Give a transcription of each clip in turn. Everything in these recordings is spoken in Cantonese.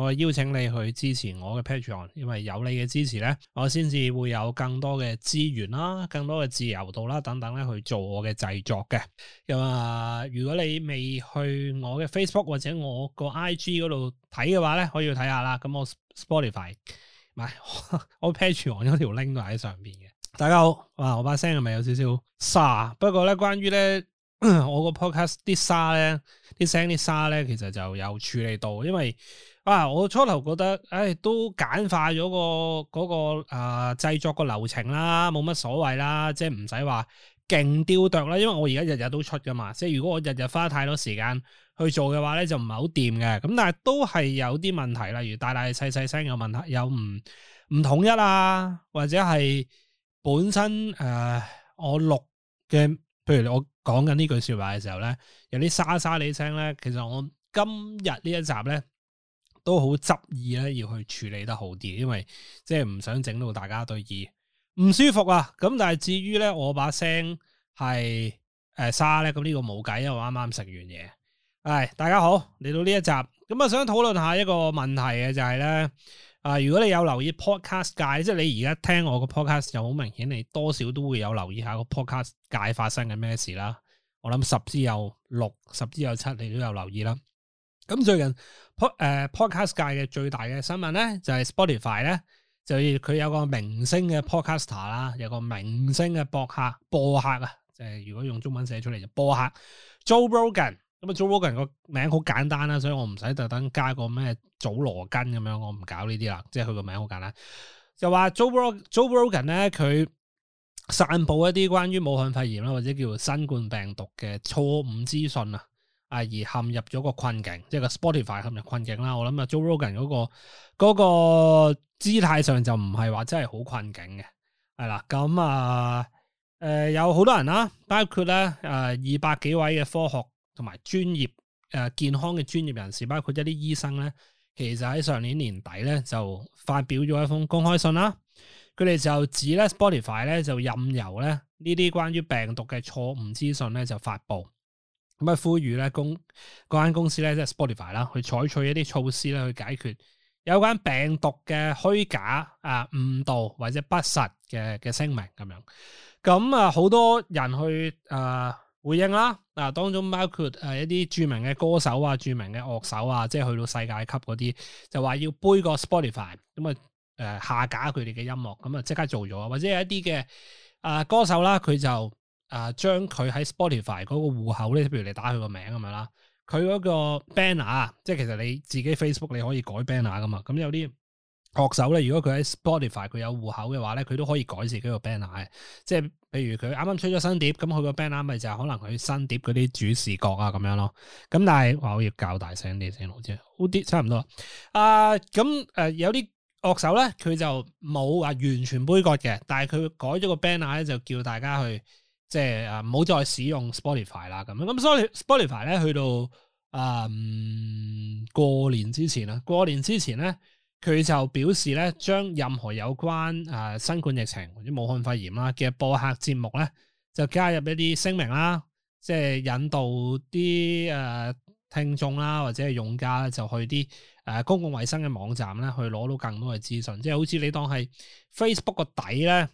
我邀請你去支持我嘅 Patreon，因為有你嘅支持咧，我先至會有更多嘅資源啦，更多嘅自由度啦，等等咧去做我嘅製作嘅。咁啊，如果你未去我嘅 Facebook 或者我個 IG 嗰度睇嘅話咧，可以去睇下啦。咁我 Spotify，唔係 我 Patreon 有條 link 都喺上邊嘅。大家好，哇，我把聲係咪有少少沙？不過咧，關於咧我個 Podcast 啲沙咧，啲聲啲沙咧，其實就有處理到，因為。啊！我初頭覺得，誒，都簡化咗，那個嗰，那個誒呃、製作個流程啦，冇乜所謂啦，即係唔使話勁雕琢啦，因為我而家日日都出噶嘛，即係如果我日日花太多時間去做嘅話咧，就唔係好掂嘅。咁但係都係有啲問題，例如大大細細聲有問題有唔唔統一啊，或者係本身誒、呃、我錄嘅，譬如我講緊呢句說話嘅時候咧，有啲沙沙哋聲咧，其實我今日呢一集咧。都好執意咧，要去處理得好啲，因為即係唔想整到大家對耳唔舒服啊！咁但係至於咧，我把聲係誒沙咧，咁、這、呢個冇計，因為我啱啱食完嘢。唉，大家好，嚟到呢一集，咁啊想討論下一個問題嘅、就是，就係咧啊！如果你有留意 podcast 界，即係你而家聽我個 podcast，就好明顯，你多少都會有留意下個 podcast 界發生緊咩事啦。我諗十之有六，十之有七，你都有留意啦。咁最近 pod podcast 界嘅最大嘅新聞咧，就係 Spotify 咧，就佢有個明星嘅 podcaster 啦，有個明星嘅博客播客啊，即係如果用中文寫出嚟就播客 Joe Rogan。咁啊 Joe Rogan 個名好簡單啦，所以我唔使特登加個咩祖羅根咁樣，我唔搞呢啲啦。即係佢個名好簡單。就話 Joe Rogan Joe Rogan 咧，佢散佈一啲關於武漢肺炎啦，或者叫新冠病毒嘅錯誤資訊啊。啊！而陷入咗個困境，即係個 Spotify 陷入困境啦。我諗啊 Joe Rogan 嗰、嗰個、嗰個姿態上就唔係話真係好困境嘅，係啦。咁、嗯、啊，誒、呃、有好多人啦，包括咧誒二百幾位嘅科學同埋專業誒、呃、健康嘅專業人士，包括一啲醫生咧，其實喺上年年底咧就發表咗一封公開信啦。佢哋就指咧 Spotify 咧就任由咧呢啲關於病毒嘅錯誤資訊咧就發佈。咁啊，呼籲咧公嗰間公司咧，即係 Spotify 啦，去採取一啲措施咧，去解決有關病毒嘅虛假啊、誤導或者不實嘅嘅聲明咁樣。咁啊，好多人去啊、呃、回應啦，啊當中包括誒一啲著名嘅歌手啊、著名嘅樂手啊，即係去到世界級嗰啲，就話要杯葛 Spotify 咁啊，誒下架佢哋嘅音樂，咁啊即刻做咗，或者有一啲嘅啊歌手啦，佢就。啊，將佢喺 Spotify 嗰個戶口咧，譬如你打佢個名咁樣啦，佢嗰個 banner 啊，即係其實你自己 Facebook 你可以改 banner 噶嘛，咁有啲樂手咧，如果佢喺 Spotify 佢有戶口嘅話咧，佢都可以改自己個 banner 嘅，即係譬如佢啱啱出咗新碟，咁佢個 banner 咪就可能佢新碟嗰啲主視覺啊咁樣咯，咁但係話我要較大聲啲聲，好啲，差唔多啊，咁誒、呃、有啲樂手咧，佢就冇話完全杯葛嘅，但係佢改咗個 banner 咧，就叫大家去。即係啊，唔好再使用 Spotify 啦，咁樣咁。所以 Spotify 咧，去到啊過年之前啦，過年之前咧，佢就表示咧，將任何有關啊新冠疫情或者武漢肺炎啦嘅播客節目咧，就加入一啲聲明啦，即係引導啲誒、啊、聽眾啦或者係用家咧，就去啲誒、啊、公共衛生嘅網站咧，去攞到更多嘅資訊，即係好似你當係 Facebook 個底咧。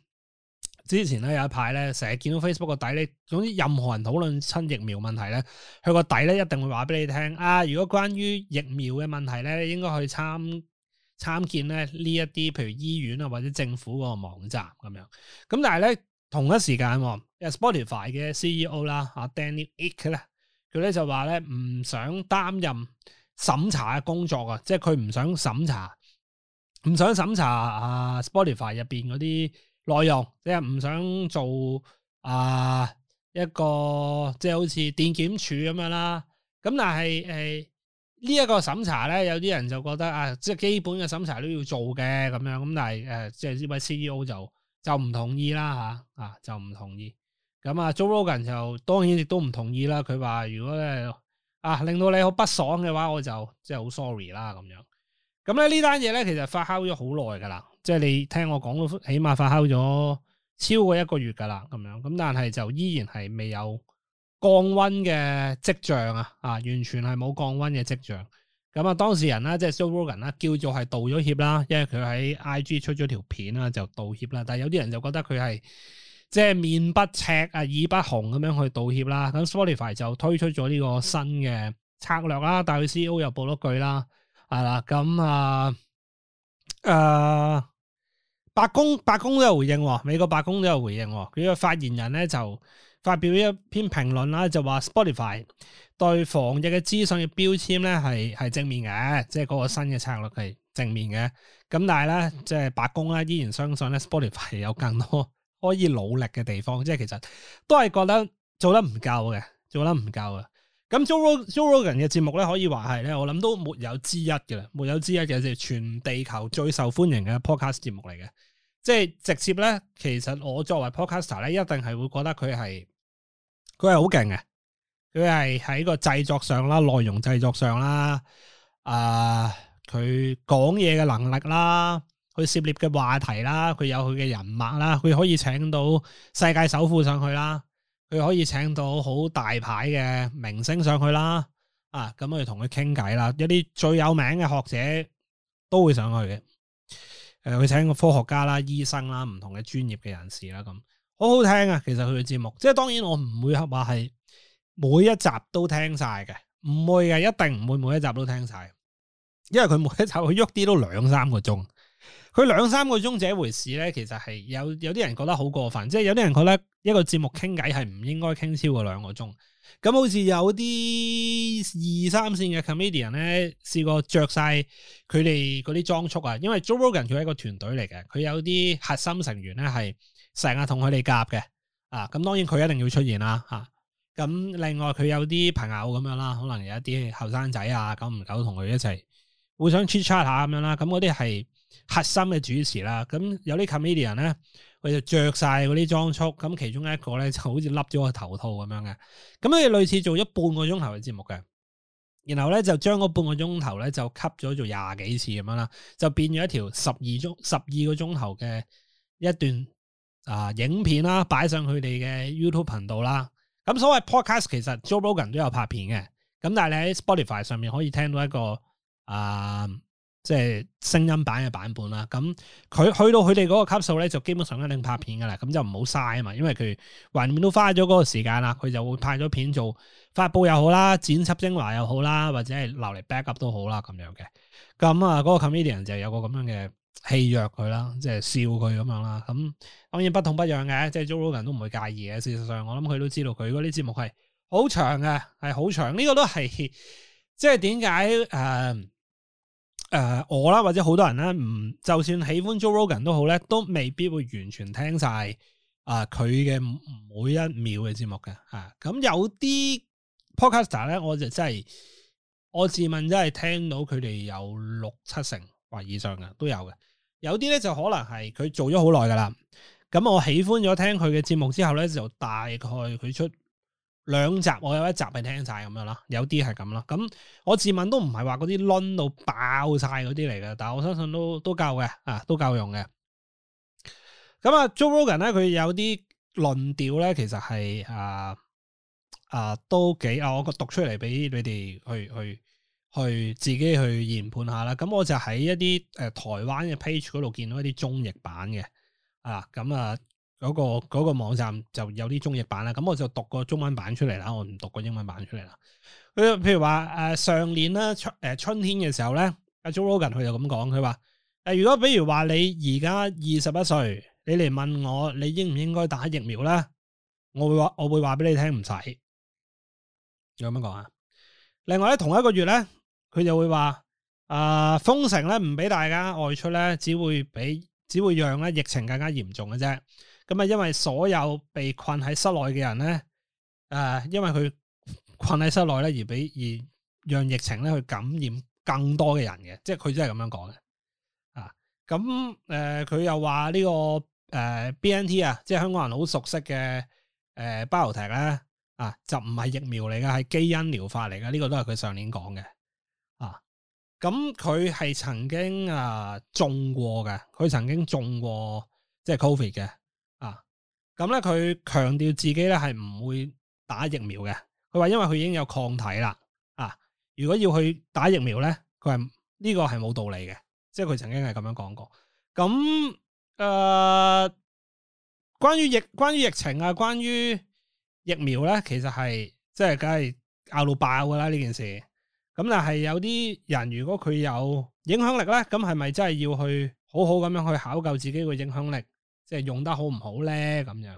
之前咧，有一排咧，成日見到 Facebook 個底咧，總之任何人討論親疫苗問題咧，佢個底咧一定會話俾你聽啊，如果關於疫苗嘅問題咧，應該去參參見咧呢一啲，譬如醫院啊或者政府嗰個網站咁樣。咁但係咧同一時間，啊，Spotify 嘅 CEO 啦啊 Daniel Ek 咧，佢咧就話咧唔想擔任審查嘅工作啊，即係佢唔想審查，唔想審查啊 Spotify 入邊嗰啲。內容即係唔想做啊、呃、一個即係好似電檢處咁樣啦，咁但係誒呢一個審查咧，有啲人就覺得啊，即係基本嘅審查都要做嘅咁樣，咁但係誒即係呢位 CEO 就就唔同意啦吓，啊就唔同意，咁啊 Joe Rogan 就當然亦都唔同意啦。佢話如果咧啊令到你好不爽嘅話，我就即係好 sorry 啦咁樣。咁咧呢單嘢咧，其實發酵咗好耐噶啦。即係你聽我講起碼發酵咗超過一個月噶啦，咁樣咁，但係就依然係未有降溫嘅跡象啊！啊，完全係冇降溫嘅跡象。咁啊，當事人啦，即係 Rogan 啦，叫做係道咗歉啦，因為佢喺 IG 出咗條片啦，就道歉啦。但係有啲人就覺得佢係即係面不赤啊，耳不紅咁樣去道歉啦。咁 Spotify 就推出咗呢個新嘅策略啦，大佢 C E O 又報咗句啦，係啦，咁啊，誒、啊。啊白宮白宮都有回應，美國白宮都有回應。佢個發言人咧就發表一篇評論啦，就話 Spotify 對防疫嘅資訊嘅標籤咧係係正面嘅，即係嗰個新嘅策略係正面嘅。咁但係咧，即係白宮咧依然相信咧 Spotify 有更多可以努力嘅地方，即係其實都係覺得做得唔夠嘅，做得唔夠嘅。咁 Joe Rogan 嘅節目咧，可以話係咧，我諗都沒有之一嘅啦，沒有之一嘅就係全地球最受歡迎嘅 podcast 節目嚟嘅，即係直接咧，其實我作為 podcaster 咧，一定係會覺得佢係佢係好勁嘅，佢係喺個製作上啦、內容製作上啦、誒佢講嘢嘅能力啦、佢涉獵嘅話題啦、佢有佢嘅人物啦、佢可以請到世界首富上去啦。佢可以請到好大牌嘅明星上去啦，啊，咁我哋同佢傾偈啦，一啲最有名嘅學者都會上去嘅。誒、呃，佢請個科學家啦、醫生啦、唔同嘅專業嘅人士啦，咁好好聽啊！其實佢嘅節目，即係當然我唔會話係每一集都聽晒嘅，唔會嘅，一定唔會每一集都聽晒，因為佢每一集佢喐啲都兩三個鐘。佢兩三個鐘這一回事咧，其實係有有啲人覺得好過分，即係有啲人覺得一個節目傾偈係唔應該傾超過兩個鐘。咁好似有啲二三線嘅 comedian 咧，試過着晒佢哋嗰啲裝束啊，因為 Joel 人佢係一個團隊嚟嘅，佢有啲核心成員咧係成日同佢哋夾嘅啊。咁當然佢一定要出現啦吓。咁、啊、另外佢有啲朋友咁樣啦，可能有一啲後生仔啊，九唔九同佢一齊。會想 chat 下咁樣啦，咁嗰啲係核心嘅主持啦。咁有啲 comedian 咧，佢就着晒嗰啲裝束。咁其中一個咧，就好似笠咗個頭套咁樣嘅。咁佢類似做咗半個鐘頭嘅節目嘅，然後咧就將嗰半個鐘頭咧就吸咗做廿幾次咁樣啦，就變咗一條十二鐘十二個鐘頭嘅一段啊、呃、影片啦，擺上佢哋嘅 YouTube 頻道啦。咁所謂 podcast 其實 Joe Rogan 都有拍片嘅，咁但係你喺 Spotify 上面可以聽到一個。啊、呃，即係聲音版嘅版本啦。咁、嗯、佢去到佢哋嗰個級數咧，就基本上一定拍片噶啦。咁、嗯、就唔好嘥啊嘛，因為佢橫面都花咗嗰個時間啦。佢就會派咗片做發佈又好啦，剪輯精華又好啦，或者係留嚟 backup 都好啦，咁樣嘅。咁、嗯、啊，嗰、那個 comedian 就有個咁樣嘅戲約佢啦，即係笑佢咁樣啦。咁當然不痛不癢嘅，即係 j o 羅人都唔會介意嘅。事實上，我諗佢都知道佢嗰啲節目係好長嘅，係好長。呢、這個都係即係點解誒？呃誒、呃，我啦，或者好多人咧，唔、呃、就算喜歡 Joe Rogan 都好咧，都未必會完全聽晒啊佢嘅每一秒嘅節目嘅吓，咁、啊嗯、有啲 podcaster 咧，我就真係我自問真係聽到佢哋有六七成或以上嘅都有嘅，有啲咧就可能係佢做咗好耐噶啦，咁、嗯、我喜歡咗聽佢嘅節目之後咧，就大概佢出。兩集我有一集係聽晒咁樣啦，有啲係咁啦。咁我自問都唔係話嗰啲論到爆晒嗰啲嚟嘅，但係我相信都都夠嘅，啊都夠用嘅。咁啊，Joe Rogan 咧，佢有啲論調咧，其實係啊啊都幾啊，我讀出嚟俾你哋去去去自己去研判下啦。咁我就喺一啲誒、呃、台灣嘅 page 度見到一啲中譯版嘅啊，咁啊。啊嗰、那個嗰、那個網站就有啲中譯版啦，咁我就讀個中文版出嚟啦，我唔讀個英文版出嚟啦。佢譬如話誒、呃、上年咧春誒、呃、春天嘅時候咧，阿 Joe Rogan 佢就咁講，佢話誒如果比如話你而家二十一歲，你嚟問我你應唔應該打疫苗咧？我會話我會話俾你聽唔使。咁樣講啊。另外咧同一個月咧，佢就會話誒、呃、封城咧唔俾大家外出咧，只會俾只會讓咧疫情更加嚴重嘅啫。咁啊，因為所有被困喺室內嘅人咧，誒、呃，因為佢困喺室內咧，而俾而讓疫情咧去感染更多嘅人嘅，即係佢真係咁樣講嘅。啊，咁、嗯、誒，佢、呃、又話呢、這個誒、呃、BNT 啊，即係香港人好熟悉嘅誒 BioNTech 咧，呃、啊，就唔係疫苗嚟噶，係基因療法嚟噶，呢、這個都係佢上年講嘅。啊，咁佢係曾經啊中、呃、過嘅，佢曾經中過即係 Covid 嘅。咁咧，佢強調自己咧係唔會打疫苗嘅。佢話因為佢已經有抗體啦。啊，如果要去打疫苗咧，佢係呢個係冇道理嘅。即係佢曾經係咁樣講過。咁誒、呃，關於疫關於疫情啊，關於疫苗咧，其實係即係梗係拗到爆噶啦呢件事。咁但係有啲人如果佢有影響力咧，咁係咪真係要去好好咁樣去考究自己嘅影響力？即係用得好唔好咧，咁樣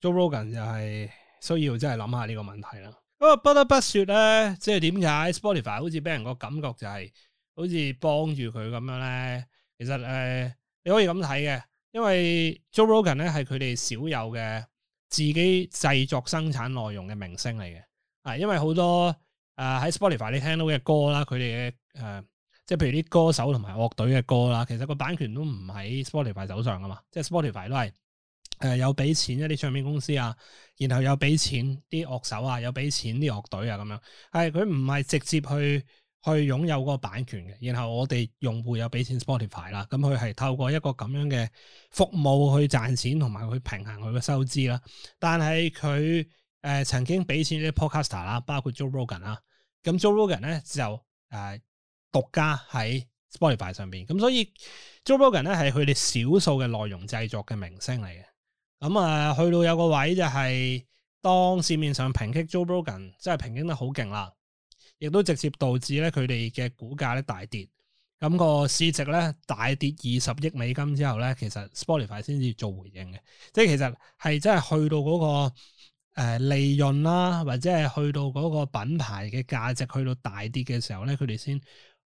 Joe Rogan 就係需要真係諗下呢個問題啦。咁、哦、啊不得不說咧，即係點解 Spotify 好似俾人個感覺就係好似幫住佢咁樣咧？其實誒、呃，你可以咁睇嘅，因為 Joe Rogan 咧係佢哋少有嘅自己製作生產內容嘅明星嚟嘅啊。因為好多誒喺、呃、Spotify 你聽到嘅歌啦，佢哋嘅誒。呃即係譬如啲歌手同埋樂隊嘅歌啦，其實個版權都唔喺 Spotify 手上噶嘛，即係 Spotify 都係誒、呃、有俾錢一啲唱片公司啊，然後有俾錢啲樂手啊，有俾錢啲樂隊啊咁樣，係佢唔係直接去去擁有個版權嘅，然後我哋用戶有俾錢 Spotify 啦，咁佢係透過一個咁樣嘅服務去賺錢，同埋去平衡佢嘅收支啦。但係佢誒曾經俾錢啲 podcaster 啦，包括 Joe Rogan 啦，咁 Joe Rogan 咧就誒。呃獨家喺 Spotify 上邊，咁所以 Joe Rogan 咧係佢哋少數嘅內容製作嘅明星嚟嘅。咁啊、呃，去到有個位就係、是、當市面上抨擊 Joe Rogan 即係抨擊得好勁啦，亦都直接導致咧佢哋嘅股價咧大跌，咁、那個市值咧大跌二十億美金之後咧，其實 Spotify 先至做回應嘅。即係其實係真係去到嗰、那個、呃、利潤啦，或者係去到嗰個品牌嘅價值去到大跌嘅時候咧，佢哋先。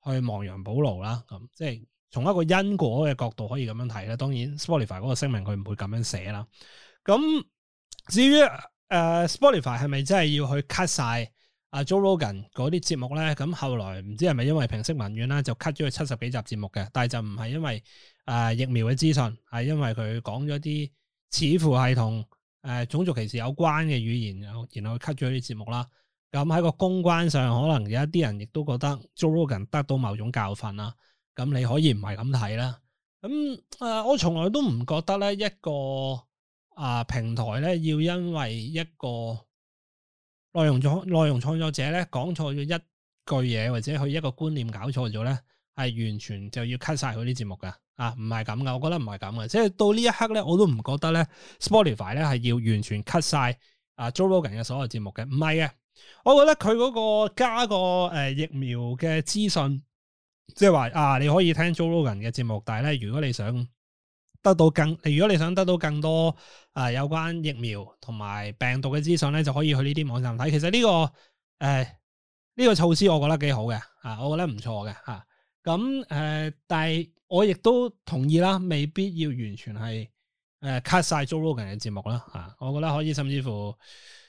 去亡羊補牢啦，咁即係從一個因果嘅角度可以咁樣睇啦。當然 Sp 聲、呃、Spotify 嗰個聲明佢唔會咁樣寫啦。咁至於誒 Spotify 係咪真係要去 cut 晒阿 Joe Rogan 嗰啲節目咧？咁後來唔知係咪因為平息民怨啦，就 cut 咗佢七十幾集節目嘅。但係就唔係因為誒、呃、疫苗嘅資訊，係因為佢講咗啲似乎係同誒、呃、種族歧視有關嘅語言，然後然後 cut 咗啲節目啦。咁喺個公關上，可能有一啲人亦都覺得 Joe Rogan 得到某種教訓啦。咁你可以唔係咁睇啦。咁誒、呃，我從來都唔覺得咧一個啊、呃、平台咧要因為一個內容創內容創作者咧講錯咗一句嘢，或者佢一個觀念搞錯咗咧，係完全就要 cut 晒佢啲節目噶。啊，唔係咁噶，我覺得唔係咁噶。即係到呢一刻咧，我都唔覺得咧 Spotify 咧係要完全 cut 晒啊 Joe Rogan 嘅所有節目嘅，唔係嘅。我覺得佢嗰個加個誒、呃、疫苗嘅資訊，即係話啊，你可以聽 Joe Rogan 嘅節目，但係咧如果你想得到更，如果你想得到更多啊、呃、有關疫苗同埋病毒嘅資訊咧，就可以去呢啲網站睇。其實呢、這個誒呢、呃，這個措施我，我覺得幾好嘅啊，我覺得唔錯嘅吓。咁、呃、誒，但係我亦都同意啦，未必要完全係誒 cut 晒 Joe Rogan 嘅節目啦。吓、啊，我覺得可以，甚至乎。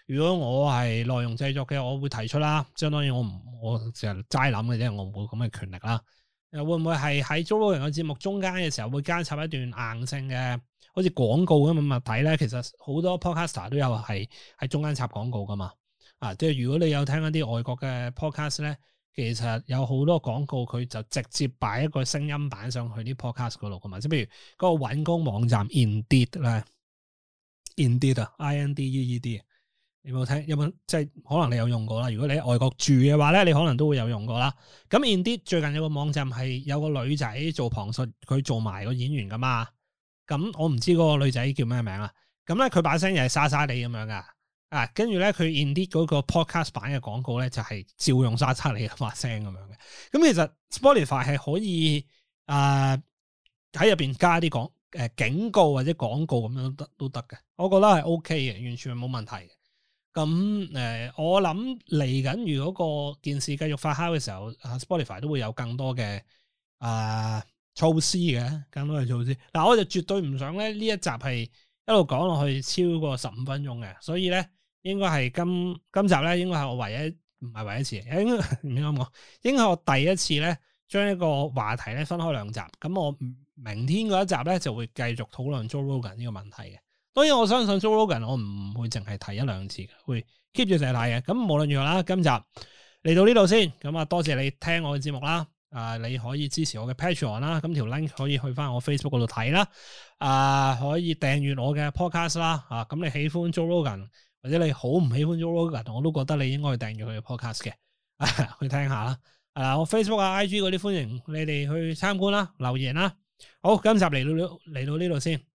如果我係內容製作嘅，我會提出啦。相當於我唔，我成日齋諗嘅啫，我唔冇咁嘅權力啦。又會唔會係喺 JoJo 人嘅節目中間嘅時候，會間插一段硬性嘅，好似廣告咁嘅物體咧？其實好多 podcaster 都有係喺中間插廣告噶嘛。啊，即係如果你有聽一啲外國嘅 podcast 咧，其實有好多廣告佢就直接擺一個聲音版上去啲 podcast 嗰度噶嘛。即係譬如嗰個揾工網站 Indeed 咧，Indeed 啊 Indeed.，I N D E E D。E e D 你有冇聽？有冇即係可能你有用過啦？如果你喺外國住嘅話咧，你可能都會有用過啦。咁 Indeed 最近有個網站係有個女仔做旁述，佢做埋個演員噶嘛。咁、嗯、我唔知嗰個女仔叫咩名啦。咁咧佢把聲又係沙沙哋咁樣噶。啊，跟住咧佢 Indeed 嗰個 podcast 版嘅廣告咧就係、是、照用沙沙哋嘅把聲咁樣嘅。咁、嗯、其實 Spotify 係可以誒喺入邊加啲廣誒警告或者廣告咁樣都得都得嘅。我覺得係 OK 嘅，完全冇問題嘅。咁誒、呃，我諗嚟緊，如果個件事繼續發酵嘅時候、啊，Spotify 都會有更多嘅啊、呃、措施嘅，更多嘅措施。嗱，我就絕對唔想咧呢一集係一路講落去超過十五分鐘嘅，所以咧應該係今今集咧應該係我唯一唔係唯一一次，應該唔應該講，應該我第一次咧將一個話題咧分開兩集。咁我明天嗰一集咧就會繼續討論 Joe Rogan 呢個問題嘅。當然我相信 Joe Rogan，我唔會淨係提一兩次，會 keep 住成日嘅。咁無論如何啦，今集嚟到呢度先。咁啊，多謝你聽我嘅節目啦。啊，你可以支持我嘅 Patreon 啦、啊。咁條 link 可以去翻我 Facebook 嗰度睇啦。啊，可以訂閱我嘅 Podcast 啦。啊，你喜歡 Joe Rogan 或者你好唔喜歡 Joe Rogan，我都覺得你應該去訂閱佢嘅 Podcast 嘅、啊，去聽下啦。嗱、啊，我 Facebook 啊、IG 嗰啲歡迎你哋去參觀啦、留言啦。好，今集嚟到呢嚟到呢度先。